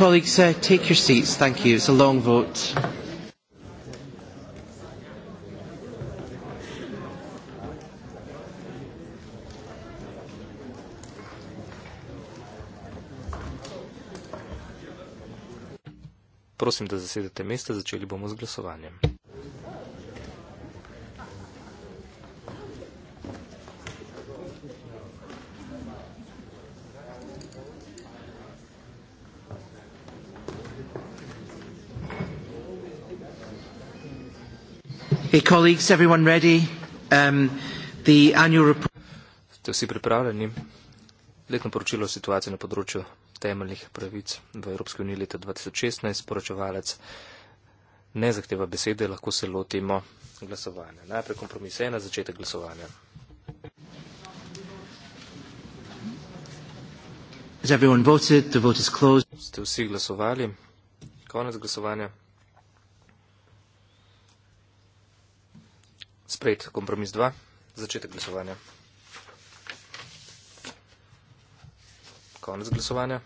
Colleagues, uh, take your seats. Thank you. It's a long vote. Prosim, da zasedete mesta, začeli bomo z glasovanjem. Hey, colleagues, everyone ready? Um, the annual report. Ste vsi pripravljeni? Letno poročilo o situaciji na področju temeljnih pravic v Evropski uniji leta 2016, poročevalec ne zahteva besede, lahko se lotimo glasovanja. Najprej kompromis ena, začetek glasovanja. Voted? The vote is Ste vsi glasovali? Konec glasovanja. Sprejet kompromis 2. Začetek glasovanja. Konec glasovanja.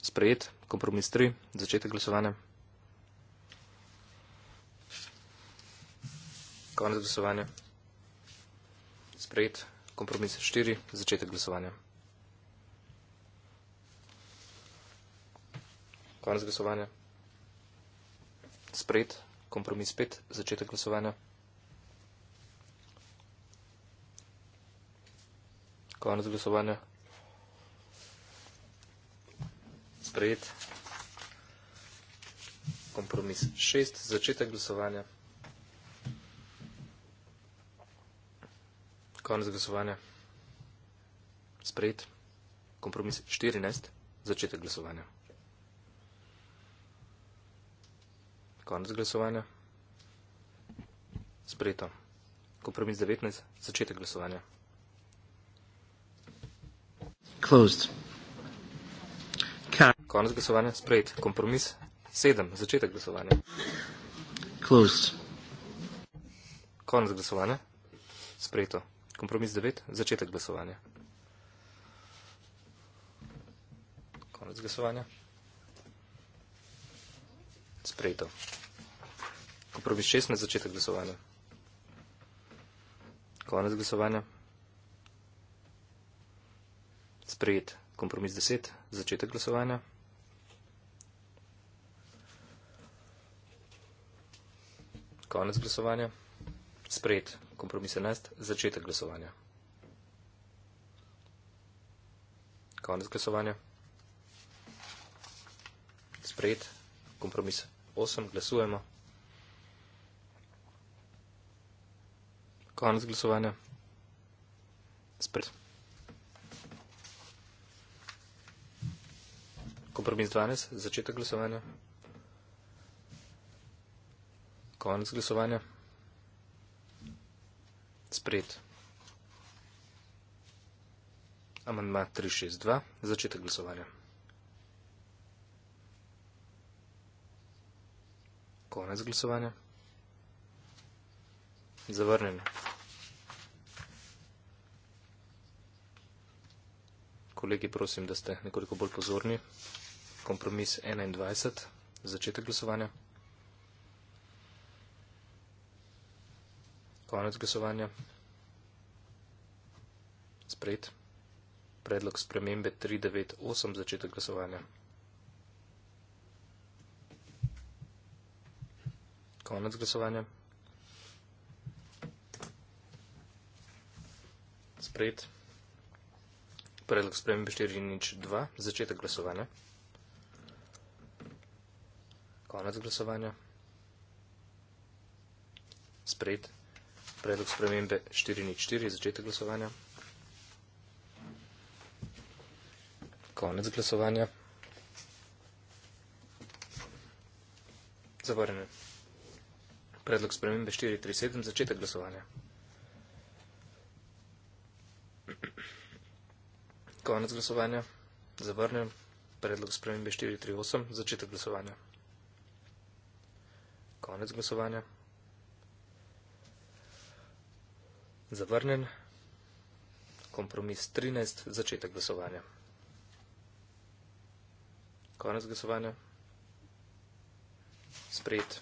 Sprejet kompromis 3. Začetek glasovanja. Konec glasovanja. Sprejet kompromis 4. Začetek glasovanja. Konec glasovanja. Sprejet kompromis 5, začetek glasovanja. Konec glasovanja. Sprejet. Kompromis 6, začetek glasovanja. Konec glasovanja. Sprejet. Kompromis 14, začetek glasovanja. Konec glasovanja. Sprejeto. Kompromis 19. Začetek glasovanja. Closed. Konec glasovanja. Sprejet. Kompromis 7. Začetek glasovanja. Closed. Konec glasovanja. Sprejeto. Kompromis 9. Začetek glasovanja. Konec glasovanja sprejeto. Poprovi šest na začetek glasovanja. Konec glasovanja. Sprejet kompromis 10, začetek glasovanja. Konec glasovanja. Sprejet kompromis 11, začetek glasovanja. Konec glasovanja. Sprejet kompromis 8 glasujemo. Konec glasovanja. Spred. Kompromis 12, začetek glasovanja. Konec glasovanja. Spred. Amandma 362, začetek glasovanja. konec glasovanja. Zavrnjeno. Kolegi, prosim, da ste nekoliko bolj pozorni. Kompromis 21, začetek glasovanja. Konec glasovanja. Sprejet. Predlog spremembe 398, začetek glasovanja. Konec glasovanja. Sprejet. Predlog spremembe 4 nič 2. Začetek glasovanja. Konec glasovanja. Sprejet. Predlog spremembe 4 nič 4. Začetek glasovanja. Konec glasovanja. Zavorene. Predlog spremembe 437, začetek glasovanja. Konec glasovanja. Zavrnem. Predlog spremembe 438, začetek glasovanja. Konec glasovanja. Zavrnen. Kompromis 13, začetek glasovanja. Konec glasovanja. Sprejet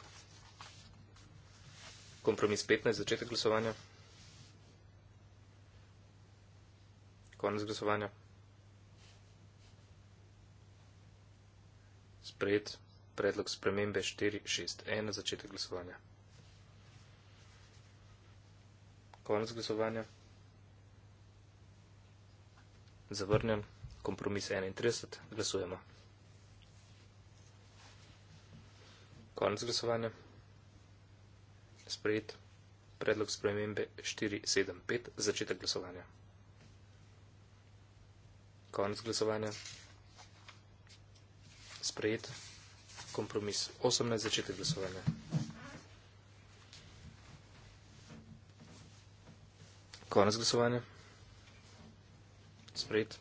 kompromis 15, začetek glasovanja. Konec glasovanja. Sprejet predlog spremembe 461, začetek glasovanja. Konec glasovanja. Zavrnjen. Kompromis 31. Glasujemo. Konec glasovanja sprejet predlog spremembe 475 začetek glasovanja. Konec glasovanja. Sprejet kompromis 18 začetek glasovanja. Konec glasovanja. Sprejet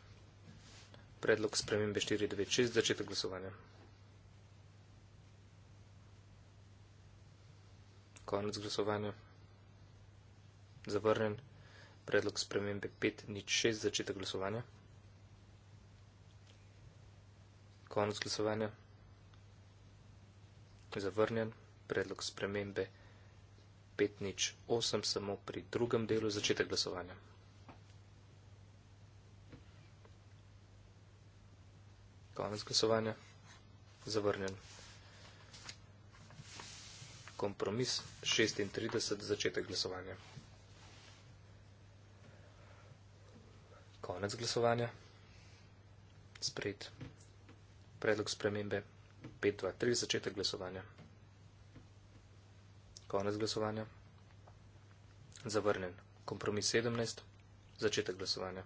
predlog spremembe 496 začetek glasovanja. konec glasovanja. Zavrnen predlog spremembe 5.06, začetek glasovanja. Konec glasovanja. Zavrnjen predlog spremembe 5.08, samo pri drugem delu začetek glasovanja. Konec glasovanja. Zavrnjen kompromis 36 začetek glasovanja. Konec glasovanja. Sprejet. Predlog spremembe 5.2.3 začetek glasovanja. Konec glasovanja. Zavrnen. Kompromis 17. Začetek glasovanja.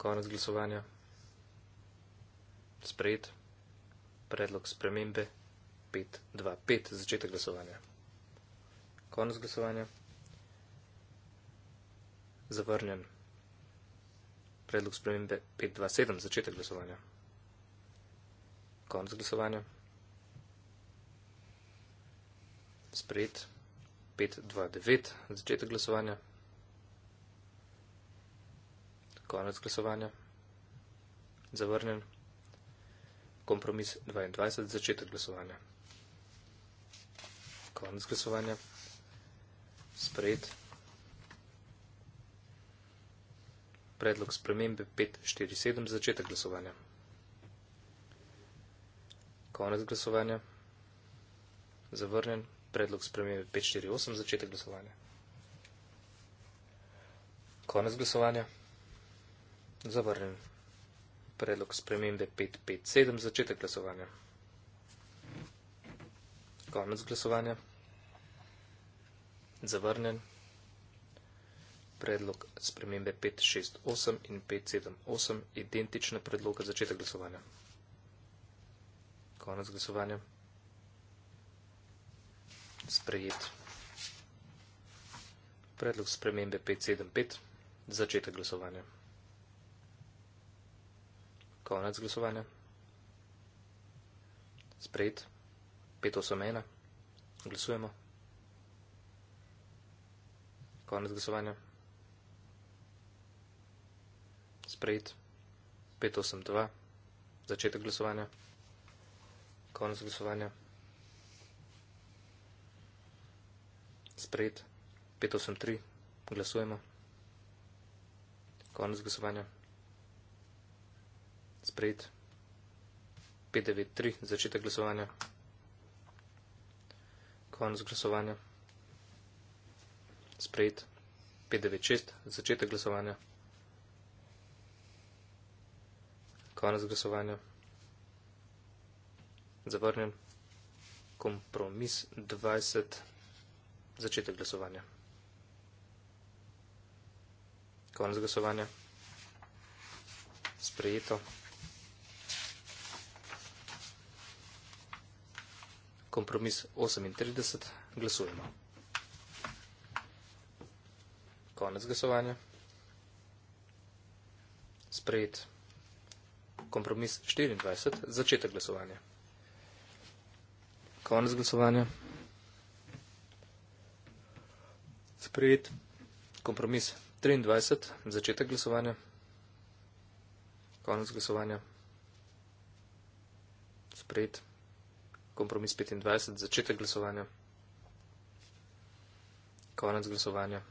Konec glasovanja. Sprejet. Predlog spremembe 5, 2, 5, začetek glasovanja. Konec glasovanja. Zavrnjen. Predlog spremembe 5, 2, 7, začetek glasovanja. Konec glasovanja. Sprejet. 5, 2, 9, začetek glasovanja. Konec glasovanja. Zavrnjen. Kompromis 22, začetek glasovanja konec glasovanja. Sprejet. Predlog spremembe 547 za začetek glasovanja. Konec glasovanja. Zavrnjen. Predlog spremembe 548 za začetek glasovanja. Konec glasovanja. Zavrnjen. Predlog spremembe 557 za začetek glasovanja. Konec glasovanja zavrnjen predlog spremembe 568 in 578, identične predloga začetek glasovanja. Konec glasovanja. Sprejet. Predlog spremembe 575, začetek glasovanja. Konec glasovanja. Sprejet. 581. Glasujemo. Konec glasovanja. Sprejet. 582. Začetek glasovanja. Konec glasovanja. Sprejet. 583. Glasujemo. Konec glasovanja. Sprejet. 593. Začetek glasovanja. Konec glasovanja sprejet 596 začetek glasovanja. Konec glasovanja. Zavrnjen. Kompromis 20. Začetek glasovanja. Konec glasovanja. Sprejeto. Kompromis 38. Glasujemo konec glasovanja. Sprejet kompromis 24, začetek glasovanja. Konec glasovanja. Sprejet kompromis 23, začetek glasovanja. Konec glasovanja. Sprejet kompromis 25, začetek glasovanja. Konec glasovanja.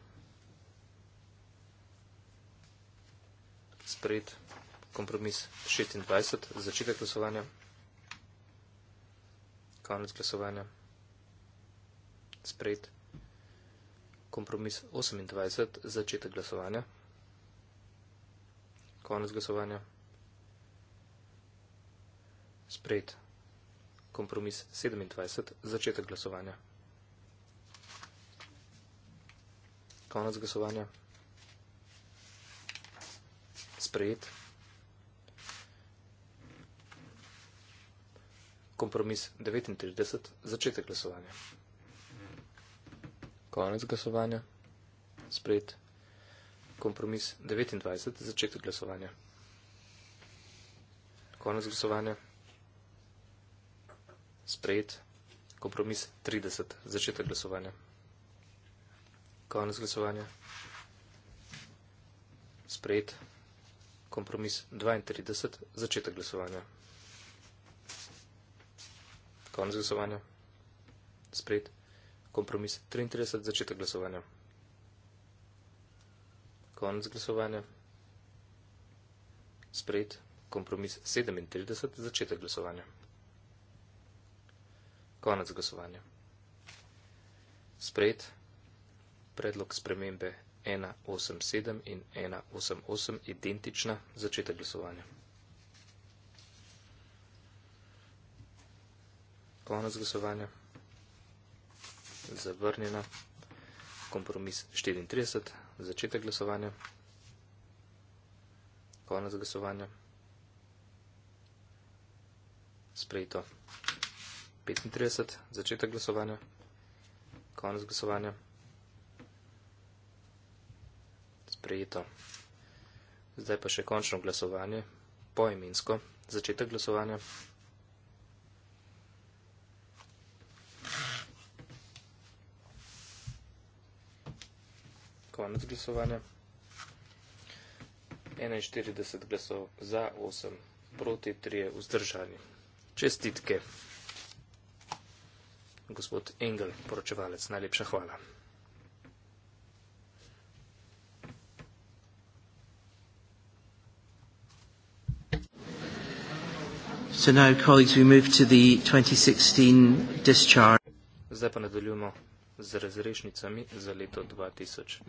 sprejet kompromis 26, začetek glasovanja, konec glasovanja, sprejet kompromis 28, začetek glasovanja, konec glasovanja, sprejet kompromis 27, začetek glasovanja, konec glasovanja, sprejet sprejet. Kompromis 39, začetek glasovanja. Konec glasovanja. Sprejet. Kompromis 29, začetek glasovanja. Konec glasovanja. Sprejet. Kompromis 30, začetek glasovanja. Konec glasovanja. Sprejet kompromis 32, začetek glasovanja. Konec glasovanja. Sprejet. Kompromis 33, začetek glasovanja. Konec glasovanja. Sprejet. Kompromis 37, začetek glasovanja. Konec glasovanja. Sprejet. Predlog spremembe 187 in 188 identična začetek glasovanja. Konec glasovanja. Zavrnjena. Kompromis 34. Začetek glasovanja. Konec glasovanja. Sprejeto. 35. Začetek glasovanja. Konec glasovanja. sprejeto. Zdaj pa še končno glasovanje, poimensko, začetek glasovanja. Konec glasovanja. 41 glasov za, 8 proti, 3 vzdržani. Čestitke. Gospod Engel, poročevalec, najlepša hvala. So now, colleagues, we move to the 2016 discharge. Zdaj pa nadaljujemo z razrešnicami za leto 2016.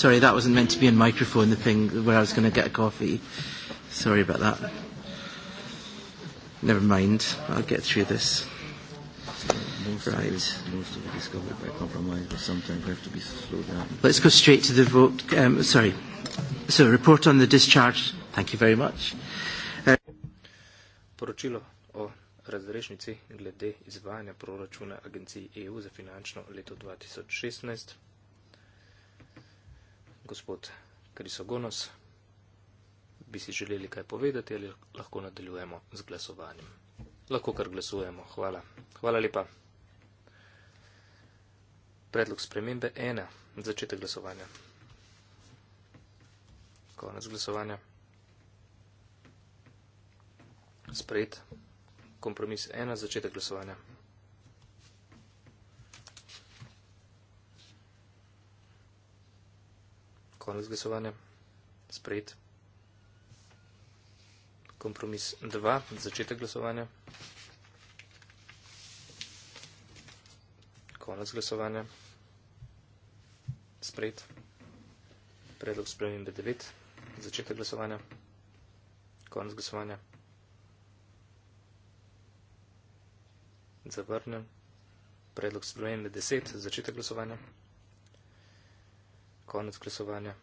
Sorry, that wasn't meant to be a microphone, the thing where I was going to get a coffee. Sorry about that. Never mind, I'll get through this. Right. Let's go straight to the vote. Um, sorry. So report on the discharge. Thank you very much. Uh, Poročilo o razrešnici glede izvajanja proračuna Agencije EU za finančno leto 2016. Gospod Krisogonos, bi si želeli kaj povedati ali lahko nadaljujemo z glasovanjem? Lahko kar glasujemo. Hvala. Hvala lepa. Predlog spremembe ena. Začetek glasovanja konec glasovanja. Sprejet. Kompromis 1, začetek glasovanja. Konec glasovanja. Sprejet. Kompromis 2, začetek glasovanja. Konec glasovanja. Sprejet. Predlog spremembe 9 začetek glasovanja. Konec glasovanja. Zavrnem. Predlog spremenjen je 10. Začetek glasovanja. Konec glasovanja.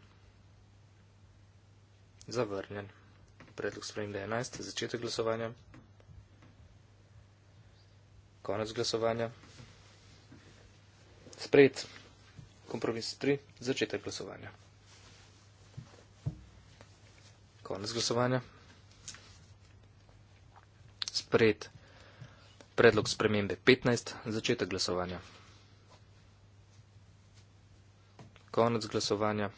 Zavrnjen. Predlog spremenjen je 11. Začetek glasovanja. Konec glasovanja. Sprejet. Kompromis 3. Začetek glasovanja. Konec glasovanja. Spred predlog spremembe 15. Začetek glasovanja. Konec glasovanja.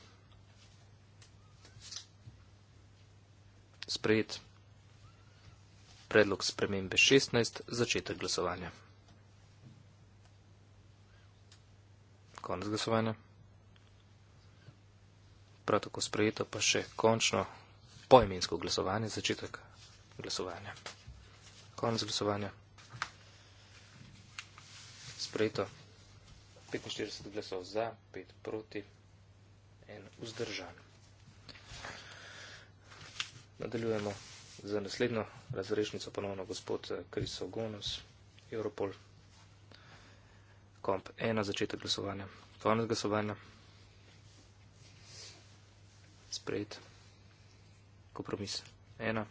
Spred predlog spremembe 16. Začetek glasovanja. Konec glasovanja. Prav tako sprejeto pa še končno poimensko glasovanje, začetek glasovanja. Konec glasovanja. Sprejeto. 45 glasov za, 5 proti, 1 vzdržan. Nadaljujemo za naslednjo razrešnico ponovno gospod Kris Ogonos, Europol. Komp 1, začetek glasovanja. Konec glasovanja. Sprejeto kompromis. Ena.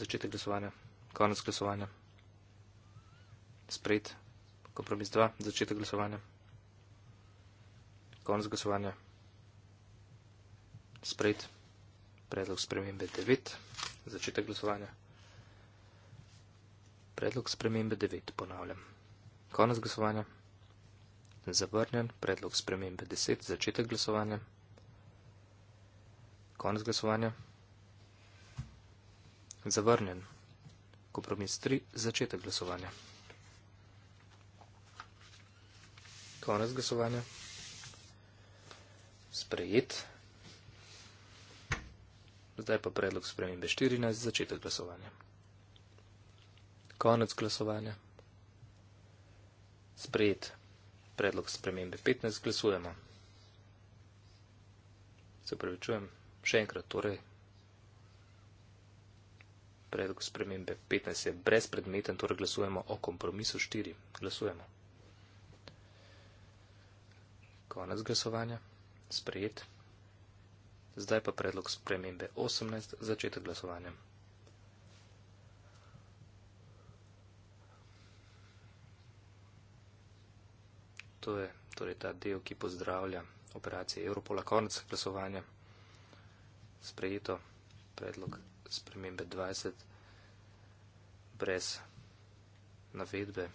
Začetek glasovanja. Konec glasovanja. Sprejet. Kompromis 2. Začetek glasovanja. Konec glasovanja. Sprejet. Predlog spremembe 9. Začetek glasovanja. Predlog spremembe 9. Ponavljam. Konec glasovanja. Zavrnjen. Predlog spremembe 10. Začetek glasovanja. Konec glasovanja. Zavrnjen. Kompromis 3. Začetek glasovanja. Konec glasovanja. Sprejet. Zdaj pa predlog spremembe 14. Začetek glasovanja. Konec glasovanja. Sprejet. Predlog spremembe 15. Glasujemo. Se pravičujem še enkrat, torej, predlog spremembe 15 je brezpredmeten, torej glasujemo o kompromisu 4. Glasujemo. Konec glasovanja. Sprejet. Zdaj pa predlog spremembe 18, začetek glasovanja. To je torej ta del, ki pozdravlja operacije Europola, konec glasovanja sprejeto predlog spremembe 20 brez navedbe.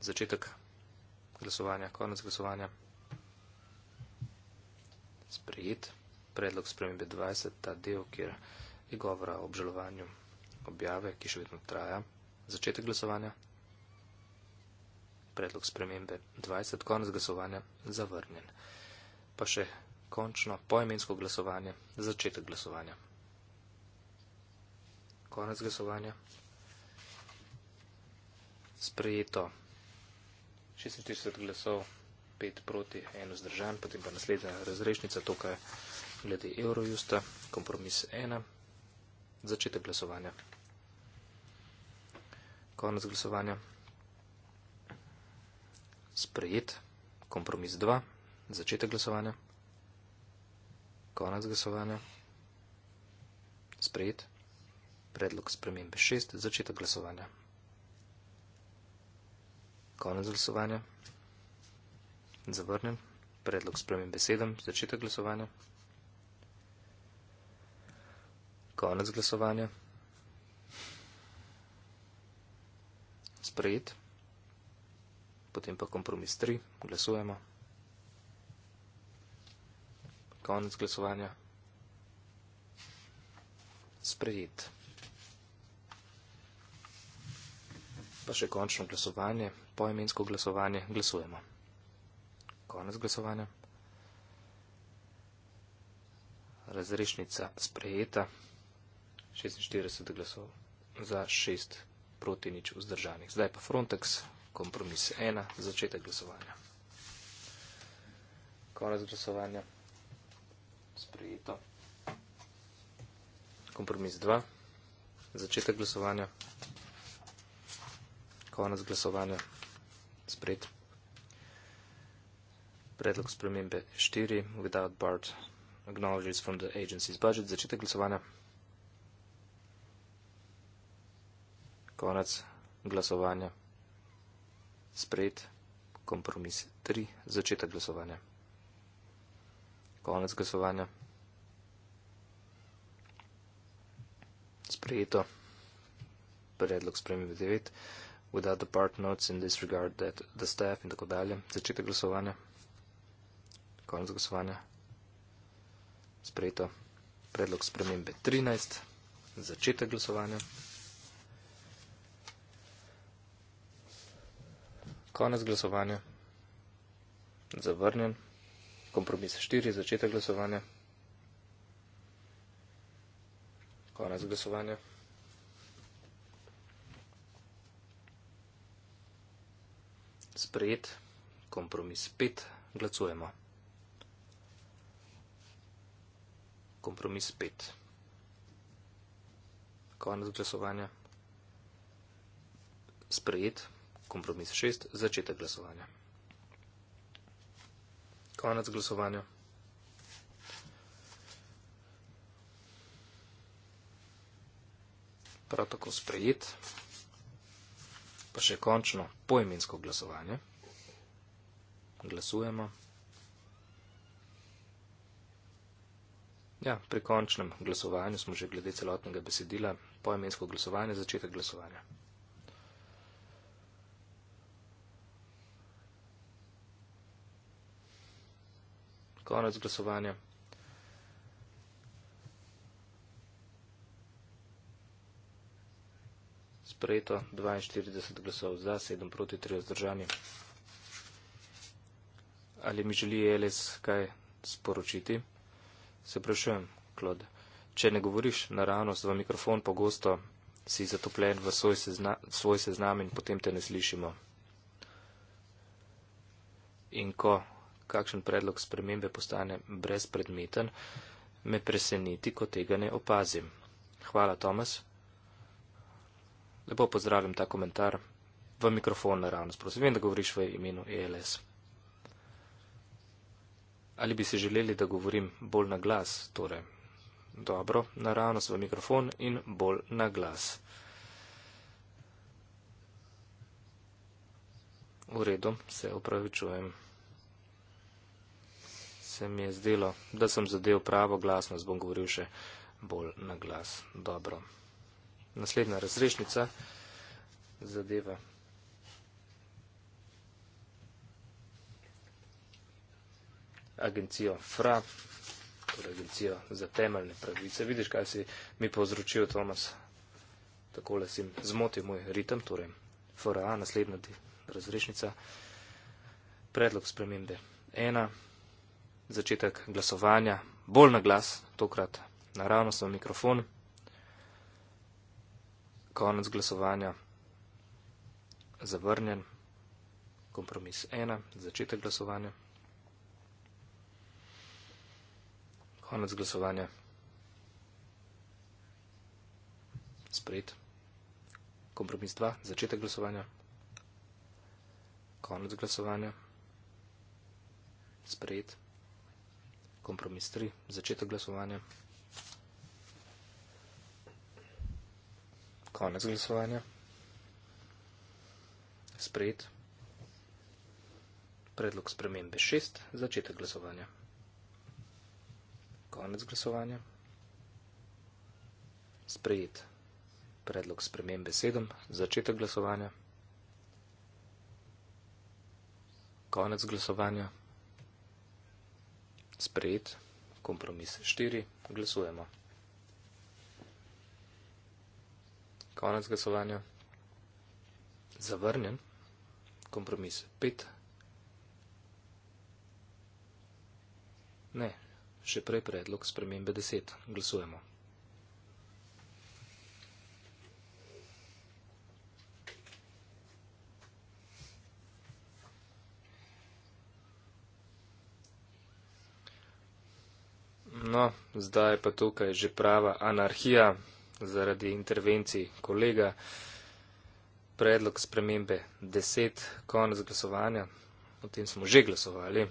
Začetek glasovanja, konec glasovanja. Sprejet predlog spremembe 20, ta del, kjer je govora o obžalovanju objave, ki še vedno traja. Začetek glasovanja. Predlog spremembe 20, konec glasovanja, zavrnjen. Pa še končno poemensko glasovanje, začetek glasovanja. Konec glasovanja. Sprejeto 46 glasov, 5 proti, 1 zdržan, potem pa naslednja razrešnica, tukaj glede Eurojusta, kompromis 1, začetek glasovanja. Konec glasovanja. Sprejet, kompromis 2, začetek glasovanja. Konec glasovanja. Sprejet. Predlog spremembe 6. Začetek glasovanja. Konec glasovanja. Zavrnjen. Predlog spremembe 7. Začetek glasovanja. Konec glasovanja. Sprejet. Potem pa kompromis 3. Glasujemo konec glasovanja. Sprejet. Pa še končno glasovanje, poimensko glasovanje, glasujemo. Konec glasovanja. Razrešnica sprejeta. 46 glasov za 6 proti nič vzdržanih. Zdaj pa Frontex, kompromis 1, začetek glasovanja. Konec glasovanja. Sprejeto. Kompromis 2. Začetek glasovanja. Konec glasovanja. Sprejet. Predlog spremembe 4. Without BART. Acknowledges from the agency's budget. Začetek glasovanja. Konec glasovanja. Sprejet. Kompromis 3. Začetek glasovanja. Konec glasovanja. Sprejeto. Predlog spremembe 9. Without the part notes in this regard that the staff in tako dalje. Začetek glasovanja. Konec glasovanja. Sprejeto. Predlog spremembe 13. Začetek glasovanja. Konec glasovanja. Zavrnjen. Kompromis 4, začetek glasovanja. Konec glasovanja. Sprejet. Kompromis 5, glasujemo. Kompromis 5. Konec glasovanja. Sprejet. Kompromis 6, začetek glasovanja. Konec glasovanja. Prav tako sprejet, pa še končno poimensko glasovanje. Glasujemo. Ja, pri končnem glasovanju smo že glede celotnega besedila poimensko glasovanje, začetek glasovanja. konec glasovanja. Sprejeto 42 glasov za, 7 proti 3 vzdržani. Ali mi želi Elis kaj sporočiti? Se prašujem, Klod. Če ne govoriš naravnost v mikrofon, pogosto si zatopljen v svoj, sezna, svoj seznam in potem te ne slišimo. In ko kakšen predlog spremembe postane brezpredmeten, me preseneti, ko tega ne opazim. Hvala, Tomas. Lepo pozdravim ta komentar v mikrofon naravnost. Prosim, vem, da govoriš v imenu ELS. Ali bi si želeli, da govorim bolj na glas, torej? Dobro, naravnost v mikrofon in bolj na glas. V redu, se opravičujem se mi je zdelo, da sem zadev pravo glasnost, bom govoril še bolj na glas. Dobro. Naslednja razrešnica zadeva. Agencijo FRA, torej agencijo za temeljne pravice. Vidiš, kaj si mi povzročil, Tomas? Takole si zmotil moj ritem, torej FRA, naslednja razrešnica. Predlog spremembe. Ena, začetek glasovanja, bolj na glas, tokrat naravno sem mikrofon, konec glasovanja, zavrnjen, kompromis 1, začetek glasovanja, konec glasovanja, sprejet, kompromis 2, začetek glasovanja, konec glasovanja, sprejet, kompromis 3, začetek glasovanja. Konec glasovanja. Sprejet. Predlog spremembe 6, začetek glasovanja. Konec glasovanja. Sprejet. Predlog spremembe 7, začetek glasovanja. Konec glasovanja. Sprejet. Kompromis 4. Glasujemo. Konec glasovanja. Zavrnjen. Kompromis 5. Ne. Še prej predlog spremembe 10. Glasujemo. No, zdaj pa tukaj že prava anarhija zaradi intervencij kolega. Predlog spremembe 10, konec glasovanja, o tem smo že glasovali,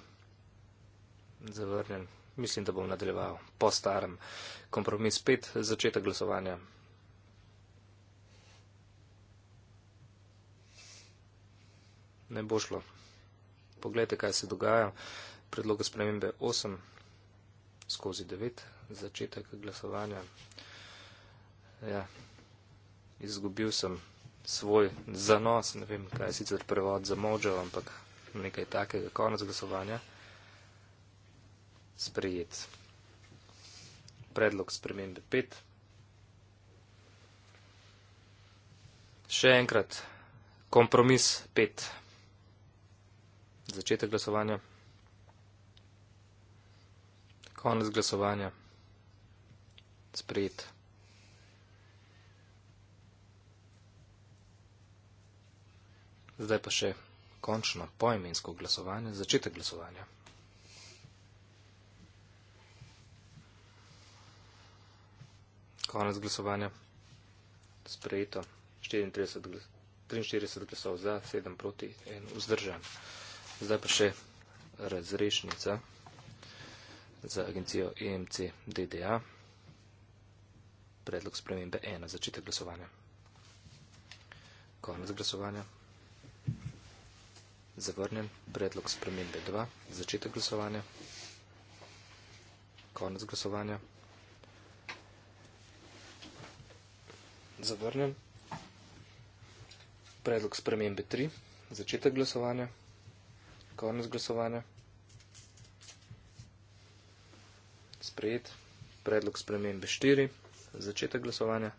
zavrnjen, mislim, da bom nadaljeval po starem. Kompromis 5, začetek glasovanja. Ne bo šlo. Poglejte, kaj se dogaja. Predloga spremembe 8 skozi 9, začetek glasovanja. Ja, izgubil sem svoj zanos, ne vem, kaj je sicer prevod za možo, ampak nekaj takega, konec glasovanja. Sprejet. Predlog spremembe 5. Še enkrat, kompromis 5. Začetek glasovanja konec glasovanja. Sprejet. Zdaj pa še končno poimensko glasovanje, začetek glasovanja. Konec glasovanja. Sprejeto. 34 glas 43 glasov za, 7 proti, 1 vzdržan. Zdaj pa še razrešnica za agencijo EMC DDA. Predlog spremembe 1. Začetek glasovanja. Konec glasovanja. Zavrnjen. Predlog spremembe 2. Začetek glasovanja. Konec glasovanja. Zavrnjen. Predlog spremembe 3. Začetek glasovanja. Konec glasovanja. sprejet predlog spremembe 4, začetek glasovanja,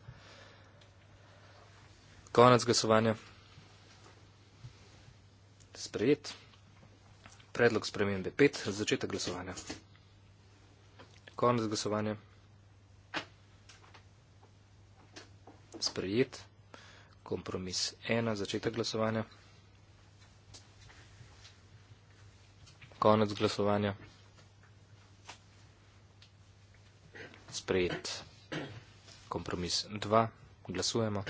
konec glasovanja, sprejet predlog spremembe 5, začetek glasovanja, konec glasovanja, sprejet kompromis 1, začetek glasovanja, konec glasovanja. sprejet kompromis 2. Glasujemo.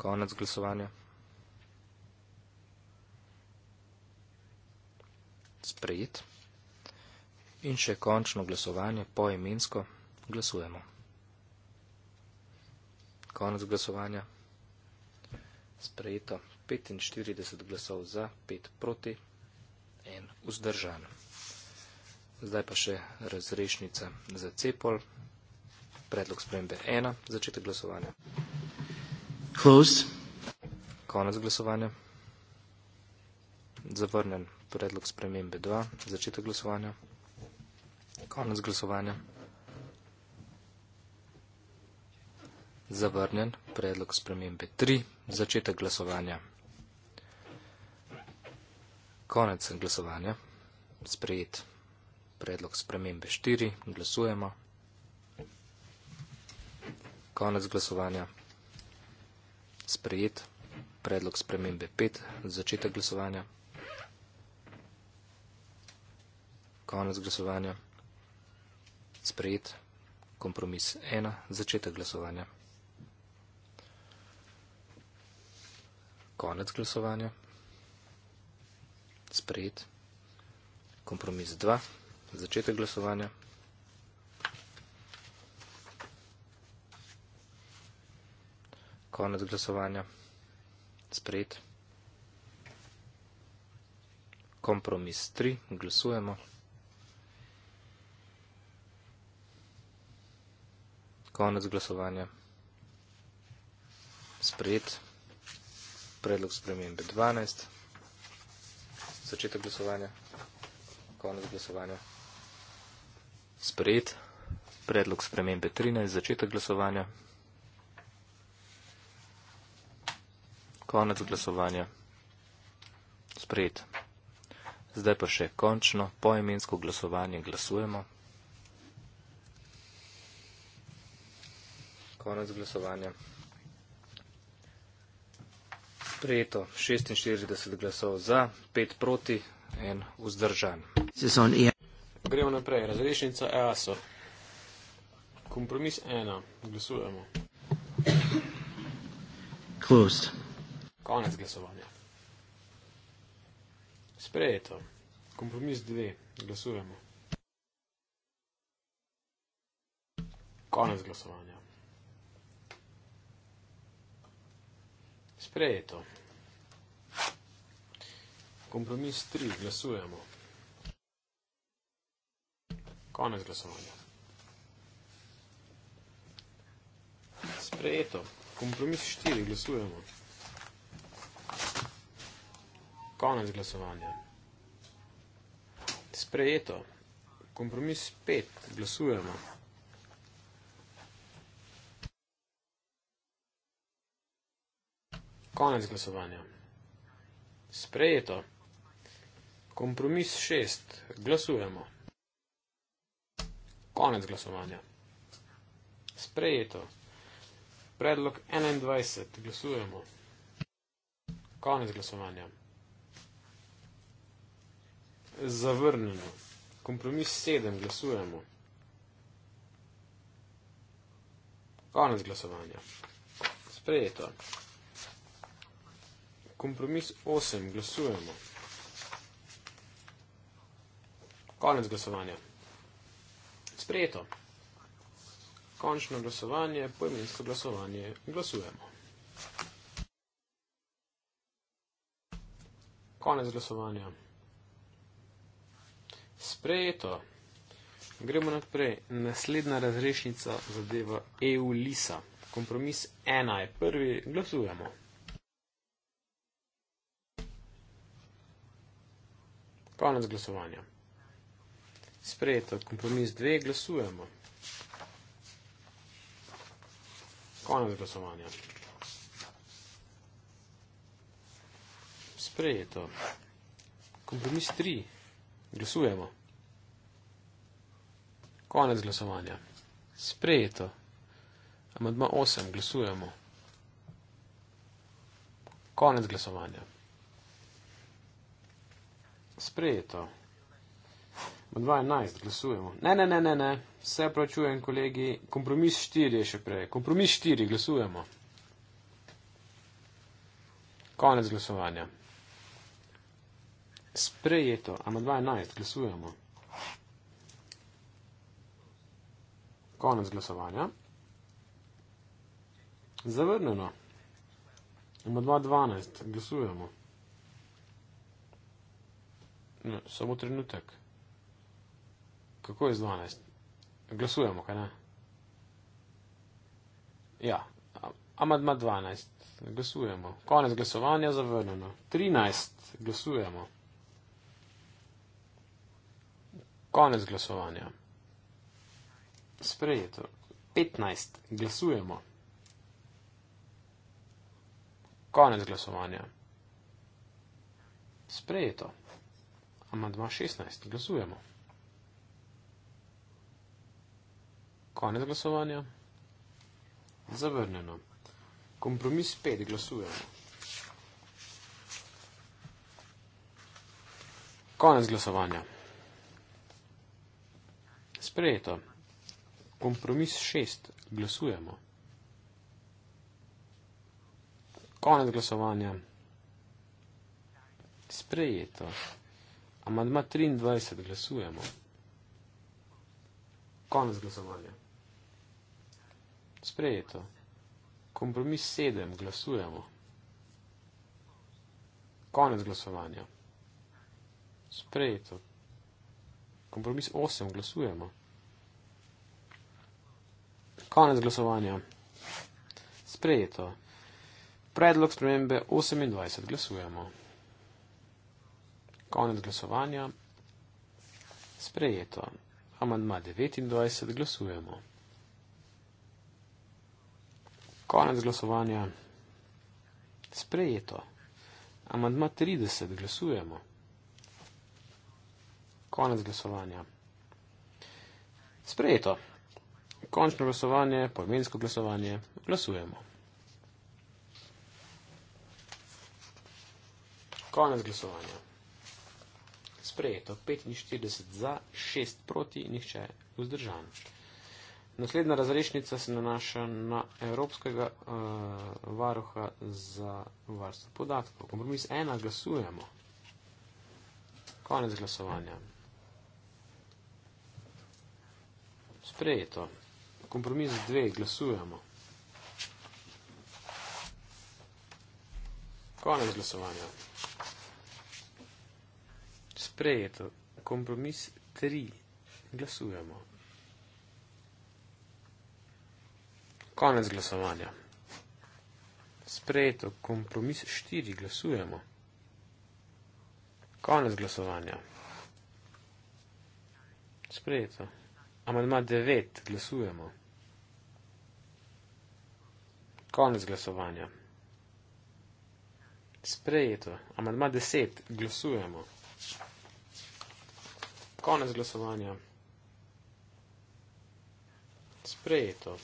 Konec glasovanja. Sprejet. In še končno glasovanje poimensko. Glasujemo. Konec glasovanja. Sprejeto 45 glasov za, 5 proti, 1 vzdržan. Zdaj pa še razrešnica za cepol. Predlog spremembe 1. Začetek glasovanja. Closed. Konec glasovanja. Zavrnen predlog spremembe 2. Začetek glasovanja. Konec glasovanja. Zavrnen predlog spremembe 3. Začetek glasovanja. Konec glasovanja. Sprejet predlog spremembe 4. Glasujemo. Konec glasovanja. Sprejet. Predlog spremembe 5. Začetek glasovanja. Konec glasovanja. Sprejet. Kompromis 1. Začetek glasovanja. Konec glasovanja. Sprejet. Kompromis 2 začetek glasovanja. Konec glasovanja. Sprejet. Kompromis 3. Glasujemo. Konec glasovanja. Sprejet. Predlog spremembe 12. Začetek glasovanja. Konec glasovanja. Sprejet. Predlog spremembe 13. Začetek glasovanja. Konec glasovanja. Sprejet. Zdaj pa še končno poemensko glasovanje glasujemo. Konec glasovanja. Prijeto 46 glasov za, 5 proti, 1 vzdržan. Gremo naprej, razrešnica EASO. Kompromis ena, glasujemo. Closed. Konec glasovanja. Sprejeto. Kompromis dve, glasujemo. Konec glasovanja. Sprejeto. Kompromis 3. Glasujemo. Konec glasovanja. Sprejeto. Kompromis štiri. Glasujemo. Konec glasovanja. Sprejeto. Kompromis pet. Glasujemo. Konec glasovanja. Sprejeto. Kompromis šest. Glasujemo. Konec glasovanja. Sprejeto. Predlog 21. Glasujemo. Konec glasovanja. Zavrnjeno. Kompromis 7. Glasujemo. Konec glasovanja. Sprejeto. Kompromis 8. Glasujemo. Konec glasovanja sprejeto. Končno glasovanje, poimensko glasovanje, glasujemo. Konec glasovanja. Sprejeto. Gremo naprej. Naslednja razrešnica zadeva EU Lisa. Kompromis 1 je prvi. Glasujemo. Konec glasovanja sprejeta kompromis dve, glasujemo. Konec glasovanja. Sprejeto. Kompromis tri, glasujemo. Konec glasovanja. Sprejeto. Amadma osem, glasujemo. Konec glasovanja. Sprejeto. 2011, glasujemo. Ne, ne, ne, ne, ne. se pravčujem, kolegi. Kompromis 4 je še prej. Kompromis 4, glasujemo. Konec glasovanja. Sprejeto, ampak 2011, glasujemo. Konec glasovanja. Zavrnjeno. Ampak 2012, glasujemo. Ne, samo trenutek kako je z 12? Glasujemo, kaj ne? Ja, amadma 12, glasujemo. Konec glasovanja zavrnjeno. 13, glasujemo. Konec glasovanja. Sprejeto. 15, glasujemo. Konec glasovanja. Sprejeto. Amadma 16, glasujemo. Konec glasovanja. Zavrnjeno. Kompromis 5 glasujemo. Konec glasovanja. Sprejeto. Kompromis 6 glasujemo. Konec glasovanja. Sprejeto. Amandma 23 glasujemo. Konec glasovanja. Sprejeto. Kompromis sedem. Glasujemo. Konec glasovanja. Sprejeto. Kompromis osem. Glasujemo. Konec glasovanja. Sprejeto. Predlog spremembe 28. Glasujemo. Konec glasovanja. Sprejeto. Amandma 29. Glasujemo. Konec glasovanja. Sprejeto. Amandma 30. Glasujemo. Konec glasovanja. Sprejeto. Končno glasovanje, pojmensko glasovanje. Glasujemo. Konec glasovanja. Sprejeto. 45 za, 6 proti, nihče vzdržan. Naslednja razrešnica se nanaša na Evropskega uh, varuha za varstvo podatkov. Kompromis ena, glasujemo. Konec glasovanja. Sprejeto. Kompromis dve, glasujemo. Konec glasovanja. Sprejeto. Kompromis tri, glasujemo. Konec glasovanja. Sprejeto kompromis 4 glasujemo. Konec glasovanja. Sprejeto. Amandma 9 glasujemo. Konec glasovanja. Sprejeto. Amandma 10 glasujemo. Konec glasovanja. Sprejeto.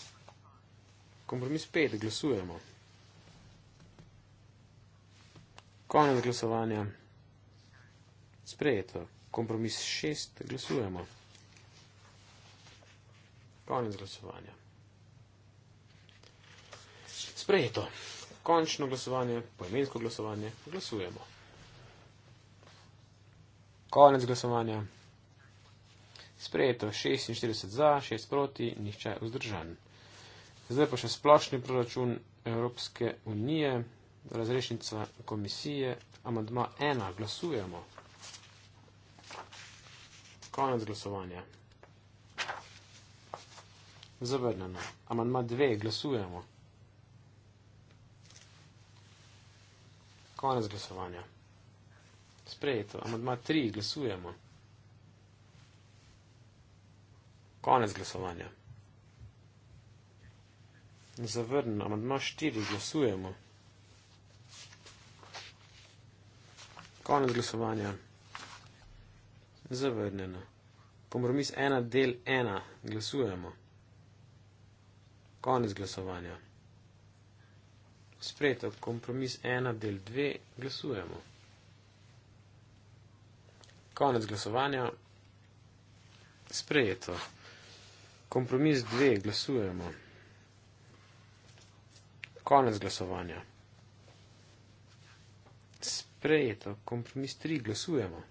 Kompromis 5, glasujemo. Konec glasovanja. Sprejeto. Kompromis 6, glasujemo. Konec glasovanja. Sprejeto. Končno glasovanje, poimensko glasovanje, glasujemo. Konec glasovanja. Sprejeto 46 za, 6 proti, nihče vzdržan. Zdaj pa še splošni proračun Evropske unije, razrešnica komisije, amadma ena, glasujemo. Konec glasovanja. Zavrnjeno. Amandma 2. Glasujemo. Konec glasovanja. Sprejeto. Amandma 3. Glasujemo. Konec glasovanja. Zavrnjen, amandma 4, glasujemo. Konec glasovanja. Zavrnjeno. Kompromis 1, del 1, glasujemo. Konec glasovanja. Sprejeto, kompromis 1, del 2, glasujemo. Konec glasovanja. Sprejeto, kompromis 2, glasujemo. Konec glasovanja. Sprejeto, kompromis 3, glasujemo.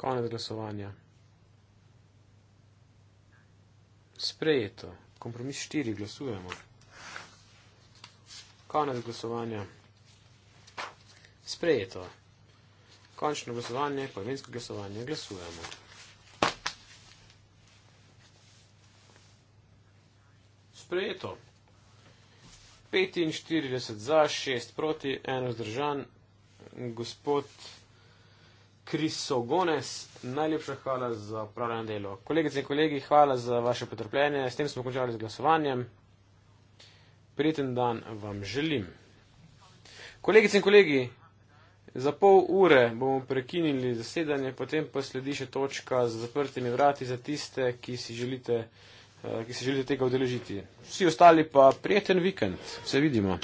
Konec glasovanja. Sprejeto, kompromis 4, glasujemo. Konec glasovanja. Sprejeto. Končno glasovanje, poljensko glasovanje, glasujemo. Sprejeto. 45 za, 6 proti, 1 vzdržan. Gospod Krisogones, najlepša hvala za upravljanje delo. Kolegice in kolegi, hvala za vaše potrpljenje. S tem smo končali z glasovanjem. Prijeten dan vam želim. Kolegice in kolegi, za pol ure bomo prekinili zasedanje, potem pa sledi še točka z zaprtimi vrati za tiste, ki si želite. Eh, ki se želite tega udeležiti. Vsi ostali pa prijeten vikend, se vidimo.